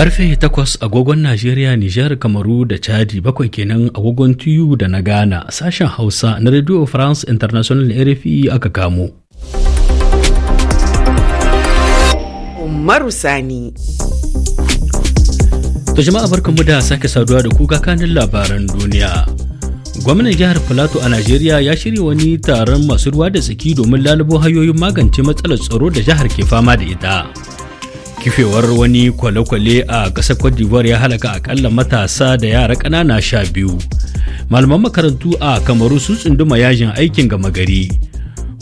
Karfe takwas agogon Najeriya, Nijar, Kamaru da Chadi bakwai kenan agogon Tiyu da na Ghana sashen Hausa na Radio France International RFI aka kamo. Marusani. Sani. To jama'a barkanmu da sake saduwa da ku kakanin labaran duniya. Gwamnan jihar Filato a Najeriya ya shirya wani taron masu ruwa da tsaki domin lalubo hanyoyin magance matsalar tsaro da jihar ke fama da ita. kifewar wani kwale-kwale a ƙasar cote d'ivoire ya halaka akalla matasa da yara ƙanana sha biyu malaman makarantu a kamaru sun tsunduma yajin aikin gama gari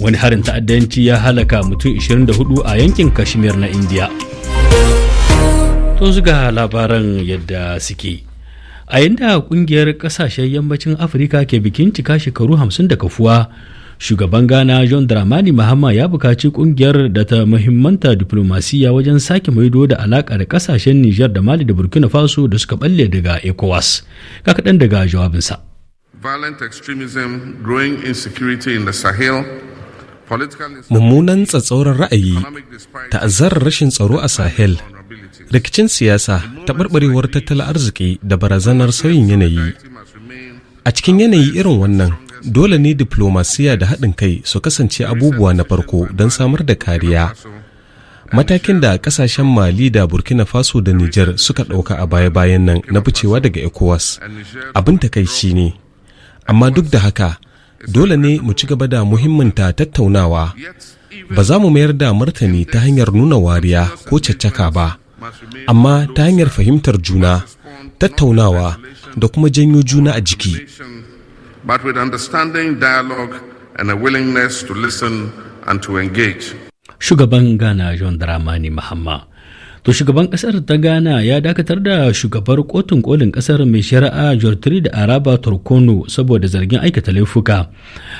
wani harin ta'addanci ya halaka mutum 24 a yankin kashmir na India. tun ga labaran yadda suke a yadda kungiyar kasashen yammacin afirka ke bikin cika shekaru 50 da kafuwa shugaban gana john dramani mahama ya bukaci ƙungiyar da ta muhimmanta diplomasiya wajen sake maido da alaka da ƙasashen Nijar da mali da burkina faso da suka balle daga ecowas kakaɗan daga jawabinsa violent extremism growing insecurity in the sahel mummunan tsatsauran ra'ayi ta'azzarar rashin tsaro a sahel rikicin siyasa taɓarɓarewar tattalin arziki da barazanar sauyin yanayi a cikin yanayi irin wannan dole ne diplomasiya da haɗin kai su kasance abubuwa na farko don samar da kariya matakin da ƙasashen mali da burkina faso da niger suka ɗauka a baya-bayan nan na ficewa daga ecowas abin takaici ne amma duk da haka dole ne mu ci gaba da muhimminta tattaunawa ba za mu mayar da martani ta hanyar nuna wariya ko caccaka ba amma ta hanyar fahimtar juna tattaunawa da kuma janyo juna a jiki but with understanding, dialogue, and a willingness to listen and to engage. Shugaban Ghana John Dramani Mahama. To shugaban kasar ta Ghana ya dakatar da shugabar kotun kolin kasar mai shari'a Jortri da Araba Turkono saboda zargin aikata laifuka.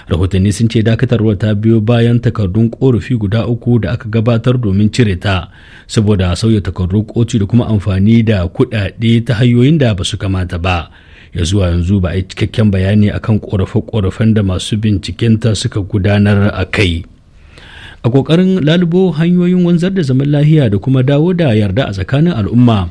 Rahotanni sun ce dakatarwar ta biyo bayan takardun korafi guda uku da aka gabatar domin cire ta saboda sauya takardun kotu da kuma amfani da kuɗaɗe ta hanyoyin da ba su kamata ba. ya zuwa yanzu ba a yi cikakken bayani akan korafe-korafen da masu bincikenta suka gudanar a kai a ƙoƙarin lalubo hanyoyin wanzar da zaman lahiya da kuma dawo da yarda a tsakanin al'umma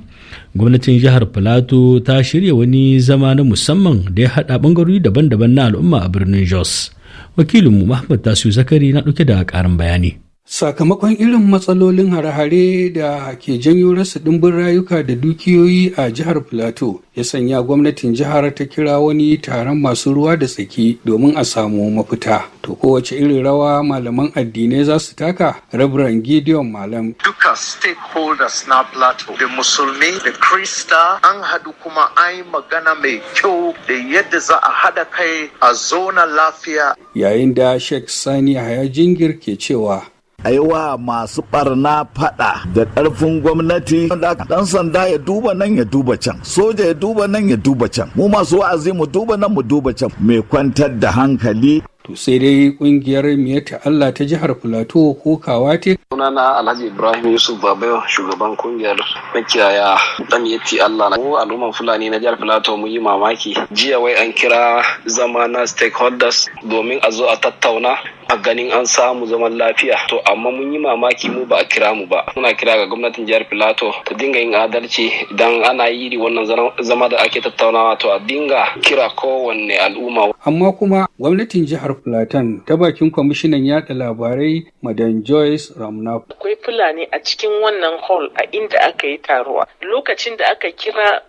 gwamnatin jihar filato ta shirya wani zama na musamman da ya haɗa ɓangarori daban-daban na al'umma a birnin jos wakilinmu muhammad tasiu zakari na ɗauke da ƙarin bayani Sakamakon irin matsalolin hare-hare da ke janyo rasa ɗimbin rayuka da dukiyoyi a jihar plateau, ya sanya gwamnatin jihar ta kira wani taron masu ruwa da tsaki domin a samu mafita. To kowace irin rawa malaman addinai za su taka Reverend Gideon Malam. Duka stakeholders na Plateau da musulmi da Krista an haɗu kuma an magana mai kyau da yadda za a haɗa kai a zona lafiya. Yayin da Sheikh Sani Jingir ke cewa a yi wa masu barna fada da ƙarfin gwamnati dan sanda ya duba nan ya duba can soja ya duba nan ya duba can mu masu wa'azi mu duba nan mu duba can mai kwantar da hankali to sai dai kungiyar miyata Allah ta jihar Filato kokawa te. Sunana Alhaji Ibrahim Yusuf Babayo shugaban kungiyar makiyaya dan yatti Allah Ko al'umman Fulani na jihar Filato mun yi mamaki jiya wai an kira zama stakeholders domin a zo a tattauna a ganin an samu zaman lafiya to amma mun yi mamaki mu ba a kira mu ba muna kira ga gwamnatin jihar Filato ta dinga yin adalci idan ana yi wannan zama da ake tattaunawa to a dinga kira kowanne al'umma amma kuma gwamnatin jihar Filatan ta bakin kwamishinan yaɗa labarai Madan Joyce Ramnap akwai Fulani a cikin wannan hall a inda aka yi taruwa lokacin da aka kira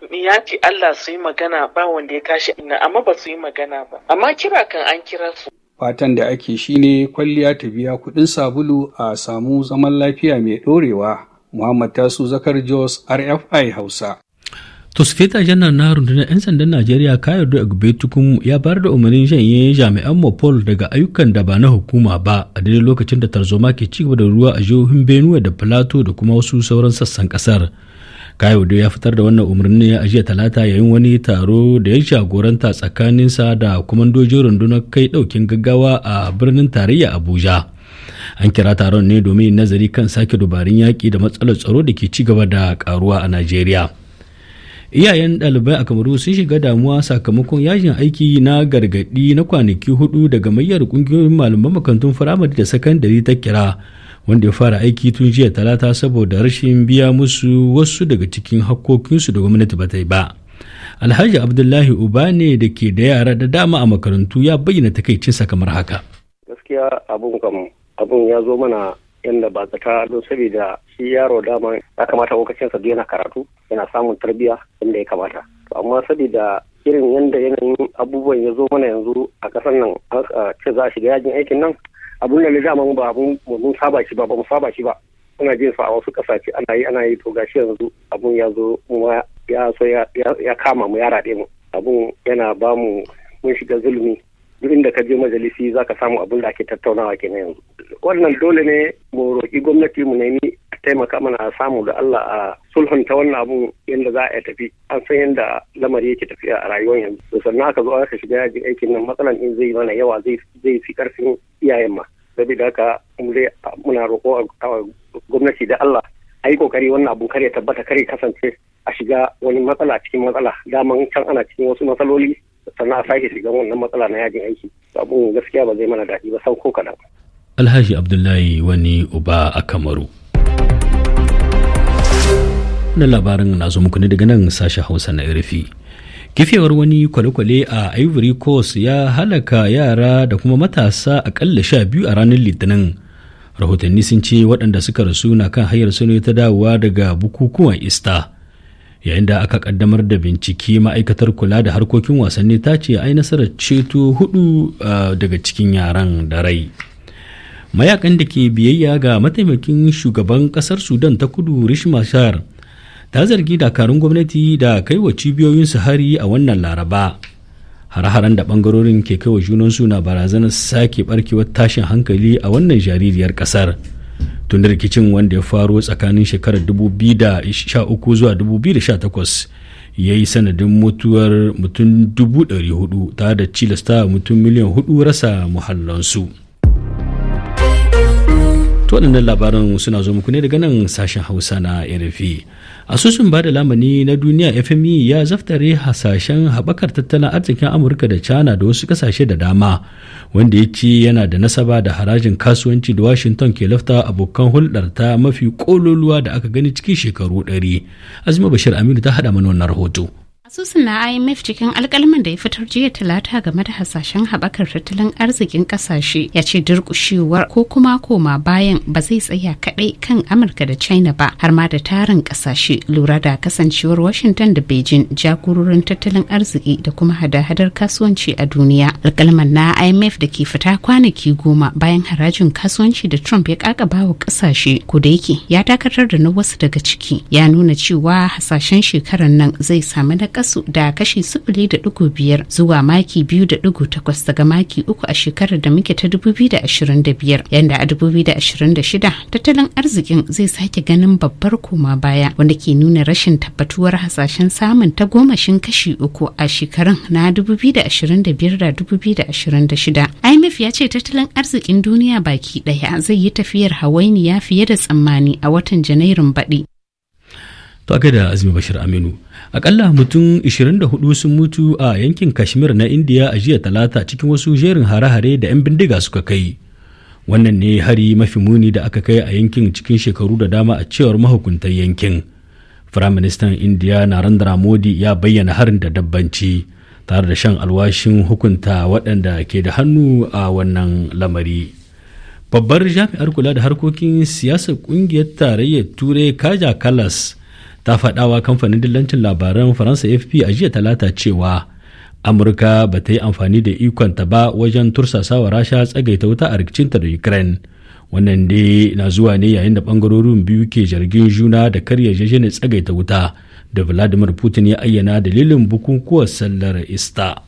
fi Allah su yi magana ba wanda ya tashi amma ba su yi magana ba amma kira kan an kira su Fatan da ake shi ne kwalliya ta biya kuɗin sabulu a samu zaman lafiya mai ɗorewa. Muhammad Tasu Zakar Jos RFI Hausa. To sufeta janar na rundunar 'yan sandan Najeriya gube tukun ya bayar da umarnin janye jami'an Mopol daga ayyukan da ba na hukuma ba a daidai lokacin da tarzoma ke ci gaba da ruwa a jihohin Benue da Plateau da kuma wasu sauran sassan kasar. kayode ya fitar da wannan umarni a jiya talata yayin wani taro da ya tsakanin sa da kwamandojin rundunar kai daukin gaggawa a birnin tarayya abuja an kira taron ne domin nazari kan sake dubarun yaƙi da matsalar tsaro da ke ci gaba da karuwa a najeriya iyayen ɗalibai a kamaru sun shiga damuwa sakamakon yajin aiki na gargaɗi na kwanaki hudu daga mayar ƙungiyoyin malaman makarantun firamare da sakandare ta kira wanda ya fara aiki tun jiya talata saboda rashin biya musu wasu daga cikin hakkokinsu da gwamnati ba ta yi ba alhaji abdullahi uba ne da ke da yara da dama a makarantu ya bayyana takaicinsa kamar haka gaskiya abun kam abun ya zo mana yadda ba zata don saboda shi yaro dama ya kamata lokacin sa yana karatu yana samun tarbiyya inda ya kamata to amma saboda irin yadda yanayin abubuwan ya zo mana yanzu a kasar nan ce za a shiga yajin aikin nan abun da na mu ba abun mun saba shi ba ba mu saba shi ba muna jin sa a wasu kasashe ana yi ana yi to gashi yanzu abun ya zo mu ya so ya kama mu ya raɗe mu abun yana ba mu mun shiga zulmi duk inda ka je majalisi za ka samu abin da ake tattaunawa kenan yanzu wannan dole ne mu roƙi gwamnati mu nemi taimaka mana a samu da Allah a sulhunta wannan abun yadda za a tafi an san yadda lamari yake tafiya a rayuwar yanzu to sannan aka zo aka shiga yajin aikin nan matsalan in zai mana yawa zai fi karfin iyayen ma saboda haka muna roƙo a gwamnati da Allah a yi kokari wannan abu kare tabbata kare kasance a shiga wani matsala cikin matsala daman can ana cikin wasu matsaloli sannan a sake shiga wannan matsala na yajin aiki abun gaskiya ba zai mana daɗi ba sau ko kaɗan. Alhaji Abdullahi wani uba a Kamaru. na labarin na zo muku ne daga nan sashen hausa na irifi kifewar wani kwalekwale a ivory coast ya halaka yara da kuma matasa akalla sha biyu a ranar litinin rahotanni sun ce waɗanda suka rasu na kan hanyar su ta dawowa daga bukukuwan ista yayin da aka kaddamar da bincike ma'aikatar kula da harkokin wasanni ta ce ai nasarar ceto hudu daga cikin yaran da rai mayakan da ke biyayya ga mataimakin shugaban kasar sudan ta kudu rishmashar ta zargi dakarun gwamnati da kai wa cibiyoyinsu hari a wannan laraba har-haren da bangarorin ke kai wa junansu na barazanar sake barkewar tashin hankali a wannan jaririyar kasar tun rikicin wanda ya faro tsakanin shekarar 2013 zuwa 2018 ya yi sanadin mutuwar mutum 400 tare da cilasta mutum miliyan 4 rasa muhallansu. to waɗannan labaran suna zo muku ne daga nan sashen hausa na rfi asusun ba da lamani na duniya fme ya zaftare hasashen haɓakar tattalin arzikin amurka da china da wasu ƙasashe da dama wanda ya ce yana da nasaba da harajin kasuwanci da washington ke lafta abokan hulɗar ta mafi ƙololuwa da aka gani cikin shekaru ɗari azuma bashir aminu ta haɗa mana wannan rahoto Asusun na IMF cikin alkalman da ya fitar jiya talata game da hasashen haɓakar tattalin arzikin ƙasashe ya ce durƙushewar ko kuma koma bayan ba zai tsaya kaɗai kan Amurka da China ba har ma da tarin ƙasashe lura da kasancewar Washington da Beijing jagororin tattalin arziki da kuma hada-hadar kasuwanci a duniya. Alkalman na IMF da ke fita kwanaki goma bayan harajin kasuwanci da Trump ya ba wa ƙasashe ko da yake ya dakatar da na wasu daga ciki ya nuna cewa hasashen shekarar nan zai samu na kasu da kashi sifili da digo biyar zuwa maki biyu da digo takwas daga maki uku a shekarar da muke ta dubu biyu da ashirin da biyar yanda a dubu biyu da ashirin da shida tattalin arzikin zai sake ganin babbar koma baya wanda ke nuna rashin tabbatuwar hasashen samun ta gomashin kashi uku a shekarun na dubu biyu da ashirin da biyar da dubu biyu da ashirin da shida imf ya ce tattalin arzikin duniya baki ɗaya zai yi tafiyar hawainiya fiye da tsammani a watan janairun baɗi To a da Azumi Bashir Aminu, akalla mutum 24 sun mutu a yankin Kashmir na Indiya a jiya talata cikin wasu jerin hare-hare da 'yan bindiga suka kai. Wannan ne hari mafi muni da aka kai a yankin cikin shekaru da dama a cewar mahukuntan yankin. Firaministan Indiya Narendra Modi ya bayyana harin da dabbanci tare da shan alwashin hukunta waɗanda ke da hannu a wannan lamari. Babbar jami'ar kula da harkokin siyasar ƙungiyar tarayyar Turai Kaja Kalas ta faɗawa kamfanin dillancin labaran faransa fp a jiya talata cewa amurka ba ta yi amfani da ikonta ba wajen tursasawa rasha tsagaita wuta a rikicinta da ukraine wannan dai na zuwa ne yayin da bangarorin biyu ke jargin juna da karya jejene tsagaita wuta da vladimir putin ya ayyana dalilin bukukuwar sallar ista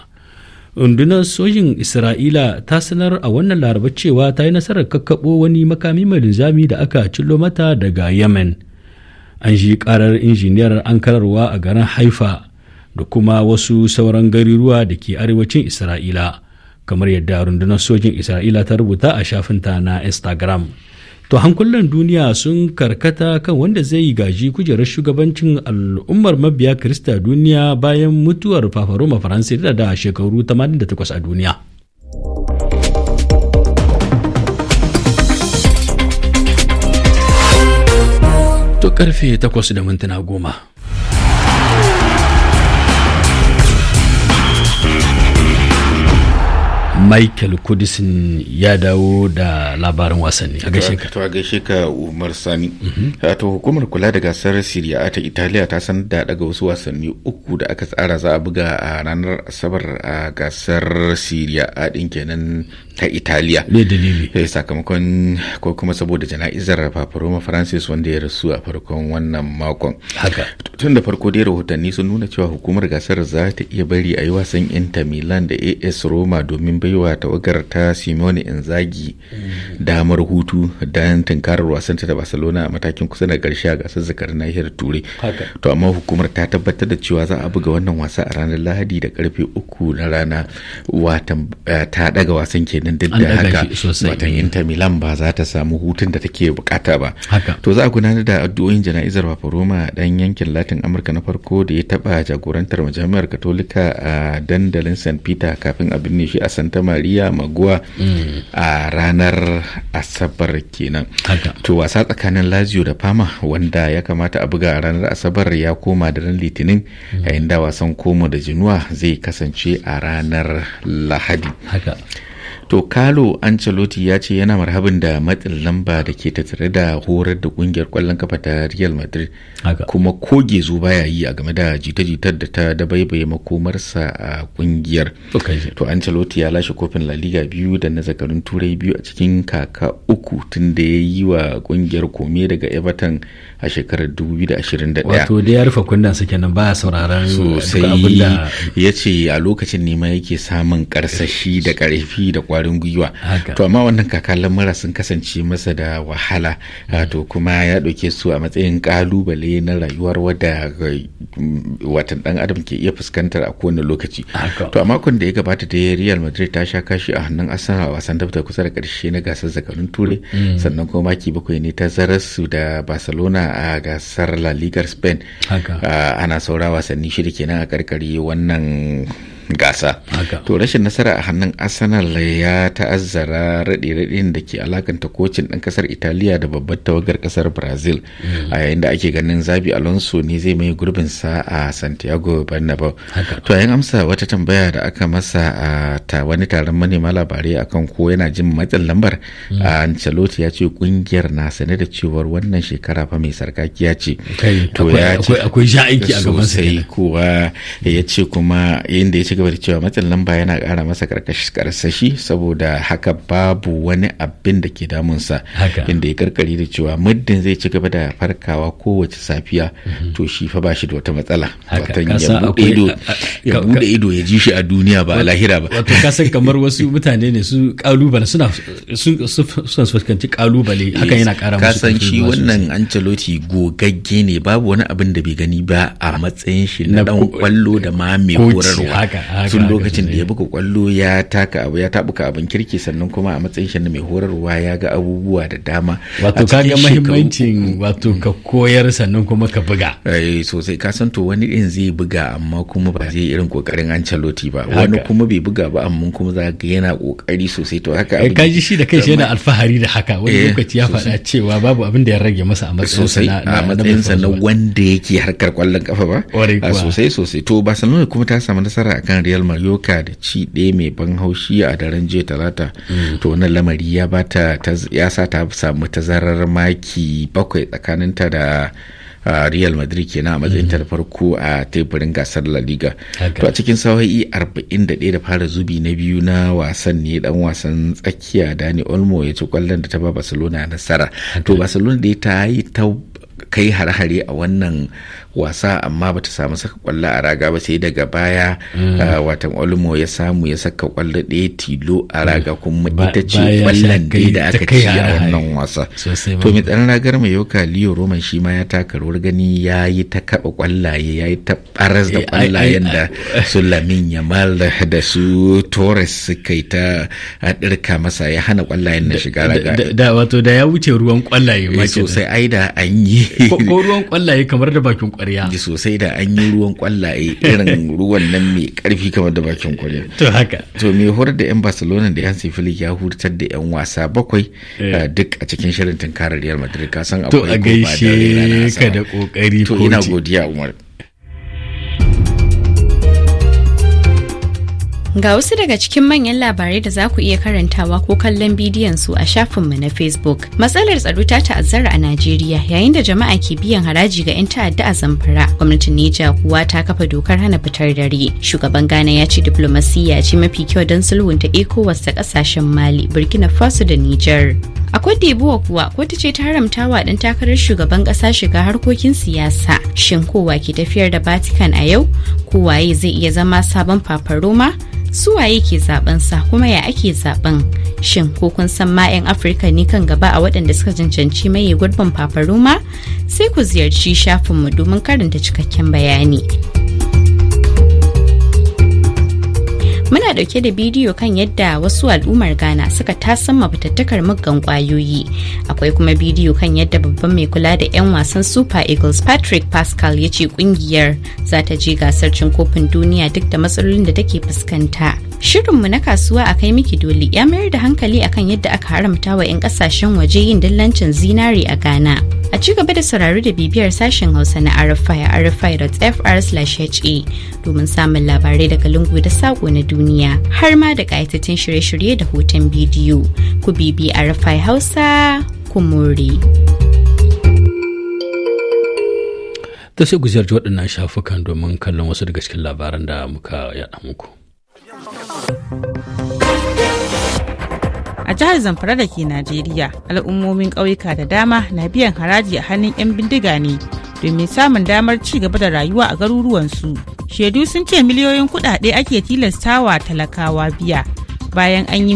rundunar sojin isra'ila ta sanar a wannan laraba cewa ta yi nasarar kakkaɓo wani makami mai linzami da aka cillo mata daga yemen an ji karar injiniyar ankararwa a garin haifa da kuma wasu sauran gariruwa da ke arewacin isra'ila kamar yadda rundunar sojin isra'ila ta rubuta a shafinta na instagram to hankulan duniya sun karkata kan wanda zai yi gaji kujerar shugabancin al'ummar mabiya krista duniya bayan mutuwar fafaroma faransa da shekaru 88 a duniya karfe 8:10 Michael Kudisin ya dawo da labarin wasanni a gaishe ka. To a gaishe ka Umar Sani. Eh, to hukumar kula da gasar syria ta Italiya ta sanar da daga wasu wasanni uku da aka tsara za a buga a ranar Asabar a gasar syria A din kenan ta italiya ne dalili eh, sakamakon ko kuma saboda jana'izar paparoma francis wanda ya rasu a farkon wannan makon tun da farko dai rahotanni sun nuna cewa hukumar gasar za ta iya bari a yi wasan inter milan da as roma domin baiwa tawagar ta simone inzaghi damar hutu don tunkarar wasan ta da barcelona a matakin kusa da karshe a gasar zakar nahiyar turai to amma hukumar ta tabbatar da cewa za a buga wannan wasa a ranar lahadi da karfe uku na rana watan eh, ta daga wasan kenan din duk da haka watan inter milan ba za ta samu hutun da take bukata ba to za a gudanar da addu'o'in jana'izar papa roma dan yankin latin amurka na farko da ya taba jagorantar majami'ar katolika a dandalin st peter kafin a binne shi a santa maria maguwa a ranar asabar kenan to wasa tsakanin lazio da fama wanda ya kamata a buga a ranar asabar ya koma da ran litinin yayin da wasan koma da jinuwa zai kasance a ranar lahadi To Kalo Ancelotti ya ce yana marhabin da matsin lamba da ke tattare da horar da kungiyar kwallon kafa ta Real Madrid kuma koge zo baya yi a game da jita-jitar da ta dabaibaye makomarsa a kungiyar. To Ancelotti ya lashe kofin La Liga biyu da na zakarun Turai biyu a cikin kaka uku tun da ya yi wa kungiyar kome daga Everton a shekarar 2021. Wato da ya rufe kundan ba sauraron sosai ya a lokacin ne yake samun karsashi da karfi da kwarin gwiwa to amma wannan kaka lamura sun kasance masa da wahala mm. to kuma ya ɗauke su a matsayin kalubale na rayuwar wadda eh, watan dan adam ke iya fuskantar a kowane lokaci to a makon da ya gabata da real madrid ta sha kashi a hannun a wasan da kusa da karshe na gasar zakarun turai mm. sannan kuma maki bakwai ne ta zarasu da barcelona a gasar la liga spain ah, ana saura wasanni shida kenan a karkare wannan gasa to rashin nasara a hannun arsenal ya ta'azzara raɗe raɗe da ke alakanta kocin ɗan ƙasar italiya da babbar tawagar ƙasar brazil mm. a yayin da ake ganin zabi alonso ne zai mai gurbin sa a santiago bernabeu to yayin amsa wata tambaya da aka masa a ta wani taron manema labarai akan ko yana jin matsin lambar mm. ancelotti ya ce kungiyar na sane da cewar wannan shekara fa mai sarkakiya ce to ya ce akwai aiki a gaban sai kuwa ya ce kuma yayin da ya ci gaba da cewa matsin lamba yana ƙara masa karsashi saboda haka babu wani abin da ke damunsa inda ya karkari da cewa muddin zai ci gaba da farkawa kowace safiya mhm. to shi fa ba shi da wata matsala watan ya bude ido ya ji shi a duniya ba a lahira ba wato kasan kamar wasu mutane ne su kalubale suna suna fuskanci kalubale hakan yana kara musu kasan shi wannan ancelotti gogagge ne babu wani abin da bai gani ba a matsayin shi na dan kwallo da ma mai horarwa tun lokacin da ya buga kwallo ya taka abu ya tabuka abin kirki sannan kuma a matsayin shi na mai horarwa ya ga abubuwa da dama wato ka ga mahimmancin wato ka koyar sannan kuma ka buga eh sosai ka san to wani din zai buga amma kuma ba zai irin kokarin Ancelotti ba wani kuma bai buga ba amma kuma za ga yana kokari sosai to haka eh, ka ji shi da kai shi yana alfahari da haka wani eh, lokaci ya faɗa cewa babu abin da ya rage masa a matsayinsa na matsayinsa na wanda yake harkar kwallon kafa ba sosai sosai to Barcelona kuma ta samu nasara akan kan real mallorca da ci ɗaya mai ban haushi a daren jiya talata mm. to wannan lamari ya bata ya sa ta samu tazarar maki bakwai tsakaninta da Uh, real madrid kenan a matsayin ta da mm. farko a teburin gasar la liga to a cikin sawa'i 41 da fara zubi na biyu na wasan ne dan wasan tsakiya dani olmo ya ci kwallon da ta ba barcelona nasara to barcelona da ta yi ta kai hare-hare a wannan wasa amma bata samu saka kwallo a raga ba sai daga baya mm. ah, watan olmo ya samu ya saka kwallo ɗaya tilo a mm. raga kuma ita ce kwallon dai da aka ci a wannan wasa to mai tsaron ragar mai yoka liyo roman shi ma ya taka rawar gani ya yi ta kaɓa kwallaye ya yi ta ɓaras da kwallayen eh, da su lamin yamal da su torres suka yi ta ɗirka masa ya hana kwallayen na shiga raga da wato da ya wuce ruwan kwallaye ma eh, sosai ai da an yi ko ruwan kwallaye kamar da bakin kwarya sosai da an yi ruwan kwallaye irin ruwan nan mai karfi kamar da bakin kwarya to haka to mai horar da yan barcelona da yan sifili ya hurtar da yan wasa bakwai eh. Eh, duk a cikin shirin tunkarar real madrid ka san akwai to a gaishe ka da kokari to ina godiya umar Ga wasu daga cikin manyan labarai da za ku iya karantawa ko kallon bidiyon su a shafinmu na Facebook. Matsalar tsaro ta ta'azzara a Najeriya yayin da jama'a ke biyan haraji ga 'yan ta'adda a Zamfara. Gwamnatin nija kuwa ta kafa dokar hana fitar dare. Shugaban Ghana ya ce diplomasiya ce mafi kyau don sulhunta ECOWAS ta kasashen Mali, Burkina Faso da Nijar. a cote d'ivoire kuwa kotu ce ta haramta wa dan takarar shugaban kasa shiga harkokin siyasa shin kowa ke tafiyar da vatican a yau kowaye zai iya zama sabon fafaroma su waye ke zaben sa kuma ya ake zaben shin ko kun san ma 'yan afirka ne kan gaba a waɗanda suka cancanci maye gurbin fafaroma sai ku ziyarci shafinmu domin karanta cikakken bayani Muna dauke da bidiyo kan yadda wasu al'ummar Ghana suka tasan mafitattakar muggan kwayoyi. Akwai kuma bidiyo kan yadda babban mai kula da 'yan wasan Super Eagles Patrick Pascal ya ce kungiyar za ta je gasar cin kofin duniya duk da matsalolin da take fuskanta. Shirinmu na kasuwa a kai miki doli ya mayar da hankali akan yadda aka haramta wa 'yan kasashen waje yin dillancin zinari a Ghana. A ci gaba da saurari da bibiyar sashen Hausa na RFI a rfi.fr/ha domin samun labarai daga lungu da saƙo na duniya har ma da ƙayatattun shirye-shirye da hoton bidiyo. Ku bibi RFI Hausa ku more. ta sai guziyar ji waɗannan shafukan domin kallon wasu daga cikin labaran da muka yaɗa muku. a jihar zamfara da ke najeriya al'ummomin ƙauyuka da dama na biyan haraji a hannun 'yan bindiga ne domin samun damar ci gaba da rayuwa a garuruwansu shaidu sun ce miliyoyin kuɗaɗe ake tilastawa talakawa biya bayan an yi